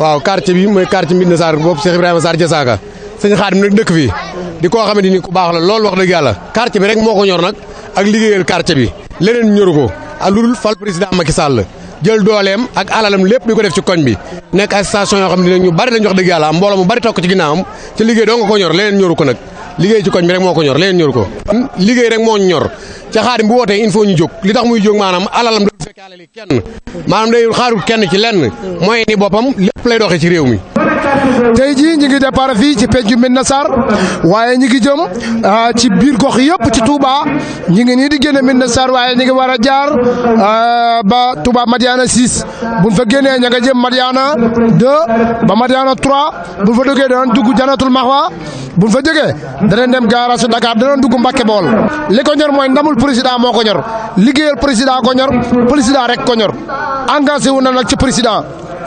waaw quartier bi mooy quartier Médina Sarr boobu Cheikh Ibrahima Sarr Diasaka sëñ Xaadim nag dëkk fii di koo xamante ni ku baax la loolu wax dëgg yàlla quartier bi rek moo ko ñor nag ak liggéeyal quartier bi leneen ñoru ko ak fal président Macky Sall jël dooleem ak alalam lépp di ko def ci koñ bi nekk ay station yoo xam ne ñu bari lañ wax dëgg yàlla am mbooloo bari tokk ci ginnaawam ci liggéey doo ko ñor leneen ñor ko liggéey rek moo ñor ca Xaadim bu wootee maanaam day xaarul kenn ci lenn mooy ni boppam lépp lay doxee ci réew mi tey jii ñu ngi départ fii ci pencu Médina Sarr waaye ñu ngi jëm ah, ci biir gox yëpp ci Touba ñu ngi nii di génne Médina Sarr waaye ñu ngi war a jaar ah, ba Touba Madiana 6 buñ fa génnee ña nga jëm Madiana 2 ba Madiana 3 buñ fa duggee danañ dugg Janatul bu buñ fa jógee danañ dem garage Dakar danañ dugg Mbacke Bool li ko ñor mooy ndamul président moo ko ñor liggéeyal président ko ñor rek ko ñor engagé wu na nag ci président.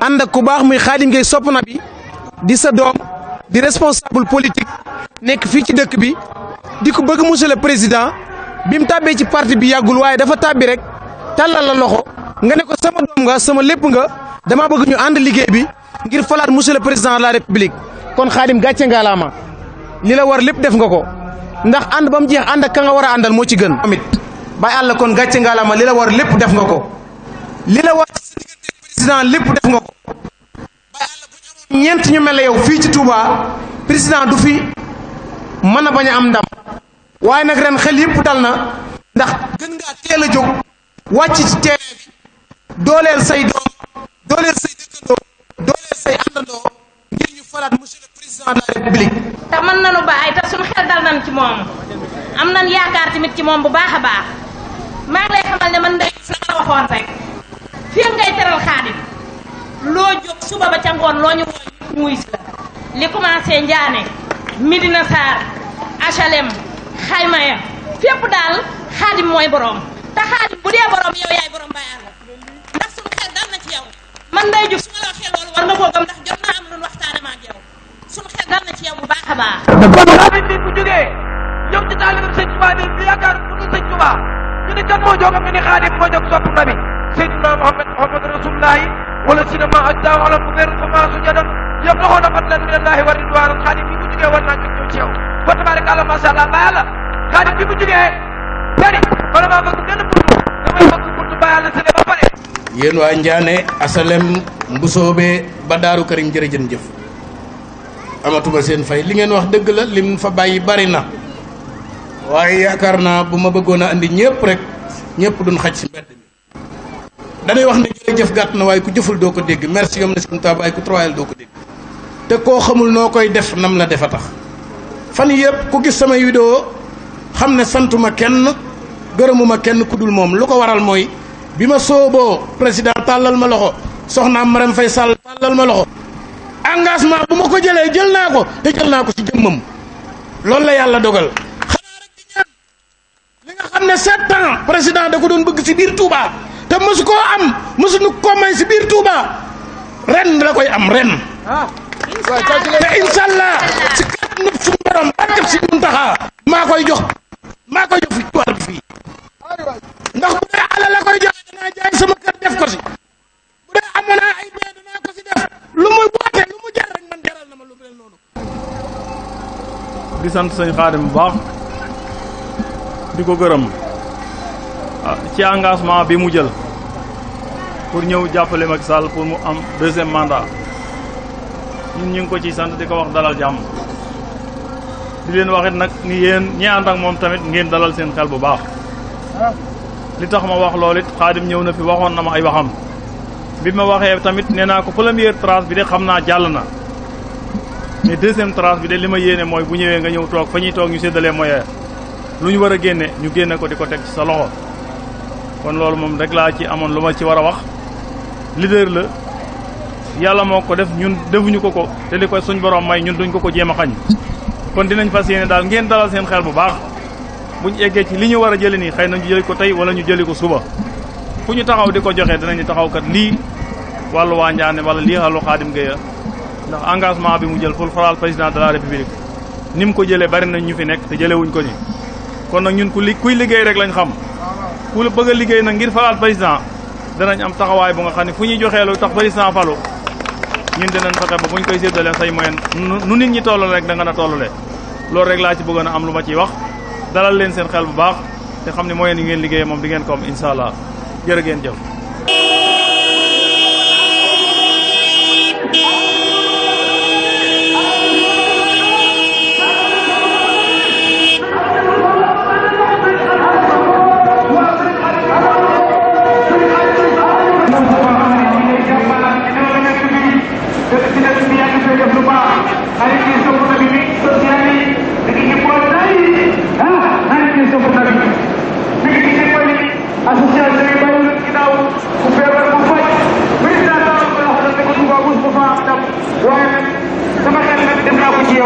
ànd ku baax muy Xaadim Gueye sopp na bi di sa doom di responsable politique nekk fii ci dëkk bi di ko bëgg monsieur président bi mu tàbbee ci parti bi yàggul waaye dafa tàbbi rek tàllal la loxo nga ne ko sama doom nga sama lépp nga damaa bëgg ñu ànd liggéey bi ngir falaat monsieur le président la république kon xaadim gàcce ngaalaama li la war lépp def nga ko ndax ànd ba mu jeex ànd ak ka nga war a àndal moo ci gën. amit bàyyi àll kon gàcce ngaalaama li la war lépp def nga ko li la war président lépp def nga ko bàyyi àll bu ñu ñeent ñu mel ne yow fii ci Touba président du fi mën a bañ am ndam waaye nag ren xel yëpp dal na ndax gën ngaa teel a jóg wàcc dooleel say doom dooleel say dëkkandoo dooleel say àndandoo ngir ñu falaat monsieur le président de la république. te mën nañu bàyyi te suñu xel dal nañ ci moom am nañ yaakaar tamit ci moom bu baax a baax maa ngi lay xamal ne man de la nga waxoon rek fii ngay teral xaadim loo jóg suba ba ca ngoon loo ñu wuy si la li commencé Ndiané Midina Sarr xayma ya fépp daal xaadim mooy borom te xaadim bu dee borom yow yaay borom Bayar man Ndeye Diouf su ma la waxee loolu war nga koo gëm ndax jot naa am lu ñu waxtaane ma ak yow suñu xel dal na ci yow bu baax a baax. kon Habib bi bu jógee ñëw ci taalibam sëñ Tuubaa bi bu yaakaar bu dul sëñ Tuubaa ñu ne kan moo jóg ñu ne Xaadim moo jóg sopp nabi Seydina Muhammad Muhammad Rasulullah wala sinama ajdaa wala bu wér sama su jadan yëpp loxoo na fadlan min allahi wa ridwanan Xaadim bi bu jógee war naa ñëw ci yow ba tabaaraka Allah masha Allah ba yàlla Xaadim bi bu jógee tari wala maa bëgg benn buntu damay bëgg buntu ba yàlla yéen waa Ndiané asalem mbusoobe ba daaru karim jën jëf amatuma seen fay li ngeen wax dëgg la lim fa bàyyi bari na waaye yaakaar naa bu ma bëggoon a andi ñëpp rek ñëpp duñ xaj si mbedd mi danay wax ne jërëjëf gàtt na waaye ku jëful doo ko dégg merci yom na si tab ku troyal doo ko dégg te koo xamul noo koy def nam la defa tax fan yëpp ku gis samay vidéo xam ne santuma kenn gërëmuma kenn ku dul moom lu ko waral mooy bi ma sooboo président tàllal ma loxo ma Marème Faye Sall tàllal ma loxo engagement bu ma ko jëlee jël naa ko te jël naa ko ci jëmmam loolu la yàlla dogal xanaa rek li nga xam ne sept président da ko doon bëgg si biir Touba te mësu koo am mësu nu ko may ci biir Touba ren la koy am ren te incha allah ci kàttanu suñu borom barkeb si mun maa koy jox maa koy jox fi tuwaar bi fii ndax bu dee alal la koy joxe danaa jaay sama kër def ko si bu dee am naa ay bien danaa ko si def lu muy boote lu mu jar rek man jaral na ma lu mel noonu. di sant sëñ Xaadim bu baax di ko gërëm ah, ci engagement bi mu jël pour ñëw jàppale Macky Sall pour mu am deuxième mandat ñun ñu ngi ko ciy sant di ko wax dalal jàmm. di leen waxit nag ni yéen ñi ànd moom tamit ngeen dalal seen xel bu baax. li tax ma wax loolu it xaadim ñëw na fi waxoon na ma ay waxam bi ma waxee tamit nee naa ko première trace bi de xam naa jàll na mais deuxième trace bi de li ma yéene mooy bu ñëwee nga ñëw toog fa ñuy toog ñu séddalee mooy lu ñu war a génne ñu génne ko di ko teg ci sa loxo kon loolu moom rek laa ci amoon lu ma ci war a wax leader la yàlla moo ko def ñun defuñu ko ko te li ko suñ borom may ñun duñ ko ko jéem a xañ kon dinañ fas yéene daal ngeen dalal seen xel bu baax bu ñu eggee ci li ñu war a jëli nii xëy na ñu jëli ko tey wala ñu jëli ko suba fu ñu taxaw di ko joxee danañu taxaw kat lii wàllu waa Ndiané wala lii xalu Xaadim Gueye ndax engagement bi mu jël pour faral président de la république ni mu ko jële bari nañ ñu fi nekk te jëlewuñ ko ni kon nag ñun ku li kuy liggéey rek lañ xam ku bëgg a liggéey na ngir faral président danañ am taxawaay bu nga xam ne fu ñuy joxee lu tax président falu ñun dinañ fexe ba bu ñu koy séddalee say moyen nu nit ñi tolloo rek da nga na tollulee loolu rek laa ci bëggoon a am lu ma ciy wax dalal leen seen xel bu baax te xam ne moyen yi ngeen liggéey moom di ngeen ko am incha allah jërë ngeen jëf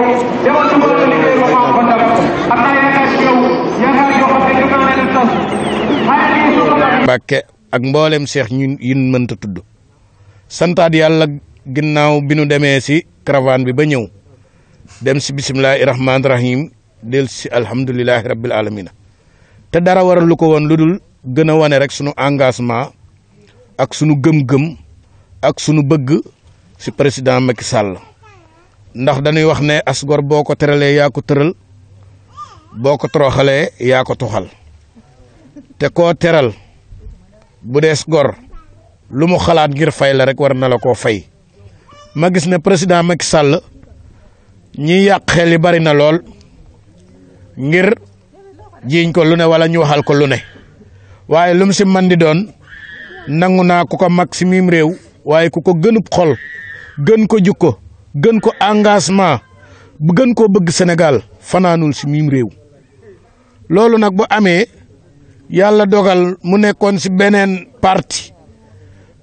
yow ak mboolem seex ñun yun mënta tudd santaat yàlla ginnaaw bi nu demee si caravane bi ba ñëw dem si bisimilahi rahmaani rahim del si alhamdulilahi rabbil alamina te dara waral lu ko woon lu dul gën a wane rek sunu engagement ak sunu gëm-gëm ak sunu bëgg si président makki sàll ndax dañuy wax ne as boo ko teralee yaa ko tëral boo ko troxalee yaa ko toxal te koo teral bu dees gor lu mu xalaat ngir fay la rek war na la koo fay ma gis ne président Macky sàll ñiy yàq xel yi bari na lool ngir jiiñ ko lu ne wala ñu waxal ko lu ne waaye lu si man di doon nangu naa ku ko mag si miim réew waaye ku ko gënub xol gën ko jukko gën ko engagement bu gën koo bëgg Sénégal fanaanul si miim réew loolu nag bu amee yàlla dogal mu nekkoon si beneen parti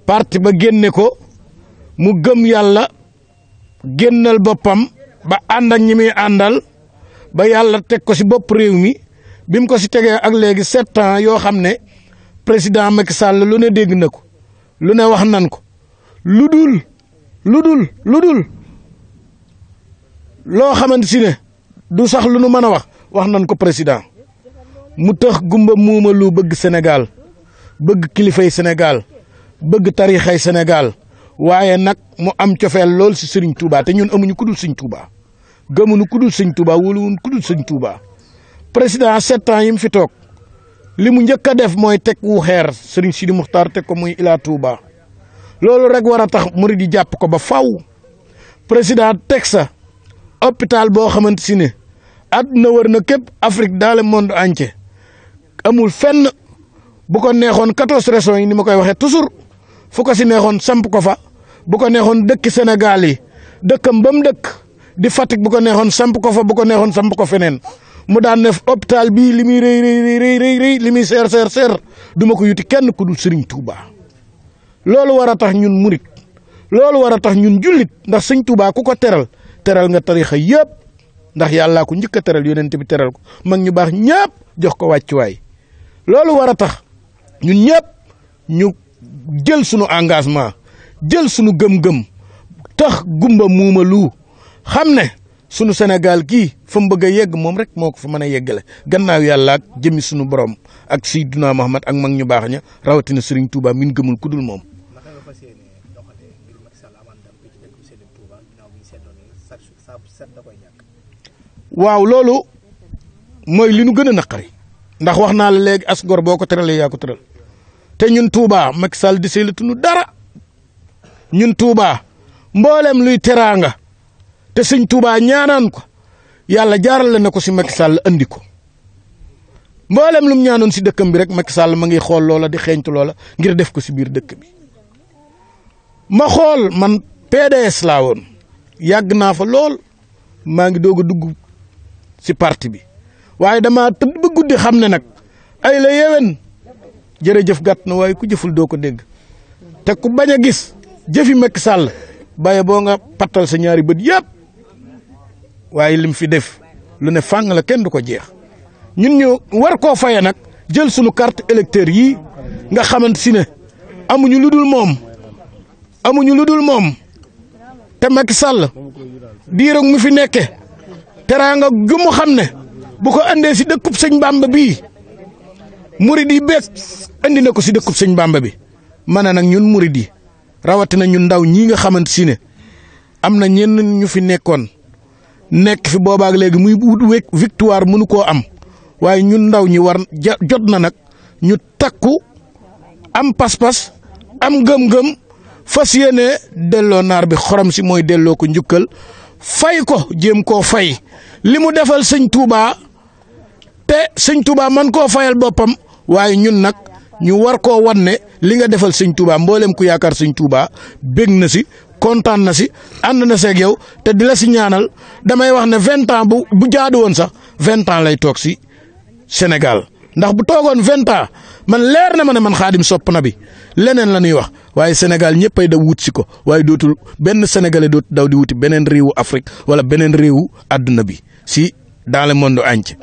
parti ba génne ko mu gëm yàlla génnal boppam ba ànd ak ñi àndal ba yàlla teg ko si bopp réew mi bim ko si tegee ak léegi sept ans yoo xam ne président Macky Sall lu ne dégg na ko lu ne wax nan ko lu dul lu dul lu dul loo xamante si ne du sax lu nu mën a wax wax nañ ko président mu tax gumba muuma lu bëgg Sénégal bëgg kilifay Sénégal bëgg tarixay Sénégal waaye nag mu am cofeel lool si Serigne Touba te ñun amuñu ku dul Serigne Touba gëmuñu ku dul Serigne Touba wóoluwuñu ku dul Serigne Touba président sept ans yi mu fi toog li mu njëkk a def mooy teg wu xeer Serigne Sidi Muxtaar teg ko muy Ila Touba loolu rek war a tax murid yi jàpp ko ba faw président teg sa hôpital boo xamante si ne àdduna wër na képp Afrique dans le monde entier amul fenn bu ko neexoon quatorze régions yi ni ma koy waxee toujours fu ko si neexoon samp ko fa bu ko neexoon dëkk Sénégal yi dëkkam ba mu dëkk di Fatick bu ko neexoon samp ko fa bu ko neexoon samp ko feneen mu daan ne hôpital bii li muy rëy rëy rëy rëy li muy seer seer duma ko yuti kenn ku dul Serigne Touba loolu war a tax ñun murit loolu war a tax ñun jullit ndax Serigne Touba ku ko teral teral nga tarixa yëpp ndax yàllaa ko njëkk a teral yonent bi teral ko mag ñu baax ñëpp jox ko waay loolu war a tax ñun ñëpp ñu jël sunu engagement jël sunu gëm-gëm tax gumba muuma lu xam ne sunu Sénégal kii fa mu bëgg a yegg moom rek moo ko fa mën a yeggale gannaaw yàlla ak jëmi sunu borom ak Seydina Muhammad ak mag ñu baax ña rawatina Serigne Touba min gëmul ku dul moom. waaw loolu mooy li nu gën a naqari ndax wax naa la léegi as gor boo ko tëralee yaa ko tëral te ñun Touba Macky Sall di seelatunu dara ñun Touba mboolem luy teraanga te sëñ Touba ñaanaan ko yàlla jaaral jaarale na ko si Macky Sall andi ko mboolem lu mu ñaanoon si dëkkam bi rek Macky Sall ma ngi xool loola di xeeñtu loola ngir def ko si biir dëkk bi ma xool man PDS laa woon yàgg naa fa lool maa ngi doog a dugg. si parti bi waaye dama tëdd ba guddi xam ne nag ay la yewen jërëjëf gàtt na waaye ku jëful doo ko dégg te ku bañ a gis jëfi makk sàll bàyyi boo nga pattal sa ñaari bët yëpp waaye lim fi def lu ne fàng la kenn du ko jeex ñun ñu war koo faye nag jël suñu carte électeur yii nga xamant si ne amuñu lu dul moom amuñu lu dul moom te Macky Sall diiroog mu fi nekke teraanga ju mu xam ne bu ko andee si dëkkub sëñ Bamba bii murid yi bees andi na ko si dëkkub sëñ Bamba bi ma ne nag ñun murid yi rawatina ñu ndaw ñii nga xamante si ne am na ñenn ñu fi nekkoon nekk fi boobaak léegi muy wut victoire mënu koo am waaye ñun ndaw ñi war jot na nag ñu takku am pas-pas am gëm-gëm fas yéene delloo naar bi xorom si mooy delloo ko njukkal fay ko jéem koo fay li mu defal sëñ Touba te sëñ Touba man koo fayal boppam waaye ñun nag ñu war ko wan ne li nga defal sëñ Touba mboolem ku yaakaar sëñ Touba bég na si kontaan na si ànd na seeg yow te di la si ñaanal damay wax ne vingt ans bu bu jaadu woon sax vingt ans lay toog si Sénégal. ndax bu toogoon vingt ans man leer na ma ne man xaadim sopp na bi leneen la ñuy wax waaye Sénégal ay daw wut si ko waaye dootul benn sénégalais dootul daw di wuti beneen réewu Afrique wala beneen réew àdduna bi si daale le monde entier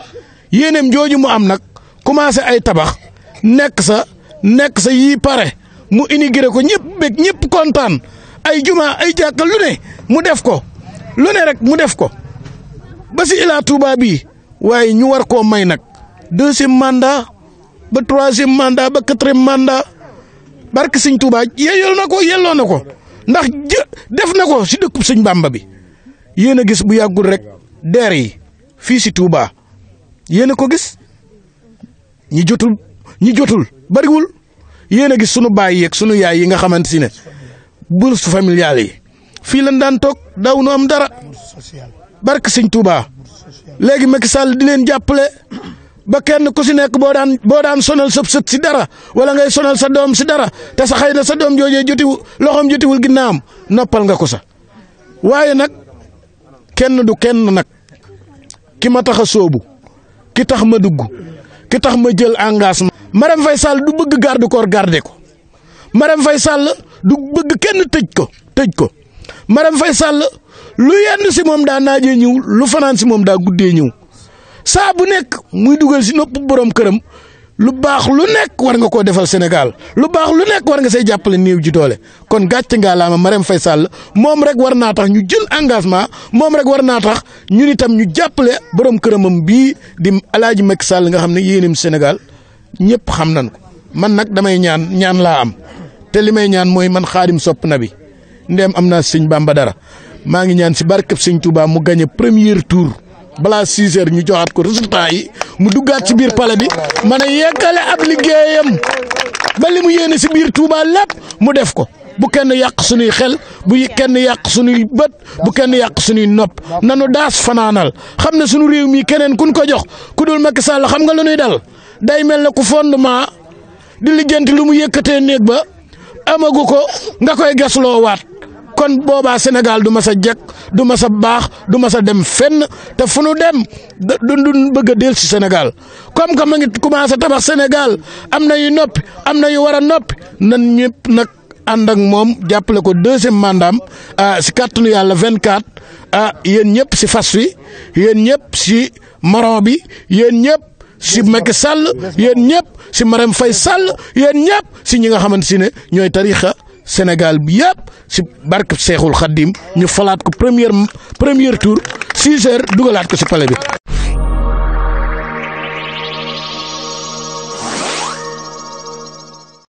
yéeneem jooju mu am nag commencé ay tabax nekk sa nekk sa yii pare mu inigiré ko ñëpp bég ñëpp kontaan ay juma ay jàkka lu ne mu def ko lu ne rek mu def ko ba si Ila yi waaye ñu war koo may nag deuxième mandat ba troisième mandat ba quatrième mandat barke sëñ Touba yeyoo na ko yelloo na ko ndax jë def na ko si dëkkub sëñ Bàmba bi yéen a gis bu yàggul rek deer yi fii si Touba yéen a ko gis ñi jotul ñi jotul bariwul yéen a gis sunu baay yeeg sunu yaay yi nga xamante si ne bourse familiale yi fii lañ daan toog daaw nu am dara barke sëñ Touba léegi Macky Sall di leen ba kenn ku si nekk boo daan boo daan sonal sa sët si dara wala ngay sonal sa doom si dara te sa xëy na sa doom joojee jotiwul loxoom jotiwul ginnaam noppal nga ko sax waaye nag kenn du kenn nag ki ma tax a sóobu ki tax ma dugg ki tax ma jël engagement. Marème Faye sàll du bëgg garde koor garder ko Marème fay sàll du bëgg kenn tëj ko tëj ko Marème Faye sàll lu yenn si moom daa naajee ñëw lu fanaan si moom daa guddee ñëw. saa bu nekk muy dugal si nopp borom këram lu baax lu nekk war nga koo defal Sénégal lu baax lu nekk war nga say jàppale néew ji doole kon gàcce ngaa laama Marème fay Sall moom rek war naa tax ñu jël engagement moom rek war naa tax ñu itam ñu jàppale borom këramam bii di El Hadj Macky Sall nga xam ne yéenim senegal ñëpp xam nañ ko man nag damay ñaan ñaan laa am te li may ñaan mooy man xaadim sopp na bi ndeem am naa sëñ Bamba dara maa ngi ñaan si barkeb sëñ Touba mu gagné premier tour. balaa six ñu joxaat ko résultat yi mu duggaat ci biir palais bi mën a yeggale ab liggéeyam ba li mu yéene si biir Touba lépp mu def ko bu kenn yàq suñuy xel bu kenn yàq suñuy bët bu kenn yàq suñuy nopp nanu daas fanaanal xam ne sunu réew mi keneen kuñ ko jox ku dul Macky Sall xam nga la ñuy dal day mel ne ku fondement di lijjanti lu mu yëkkatee néeg ba amagu ko nga koy gasloo waat kon boobaa Sénégal du ma sa jekk du mas a baax du ma sa dem fenn te fu nu dem du duñ bëgg a dellu si Sénégal comme que ma ngi commencé tabax Sénégal am na yu noppi am na yu war a noppi na ñëpp nag ànd ak moom jàppale ko deuxième mandaam ah, si kàttanu yàlla 24 ah yéen ñëpp si fas wi yéen ñëpp si maron bi yéen ñëpp. si Macky Sall yéen ñëpp si Marème fay Sall yéen ñëpp si ñi nga xamante si ne ñooy tarixa Sénégal bi yëpp si barke Seexul Xaddim ñu falaat ko première première tour six heures dugalaat ko si palais bi.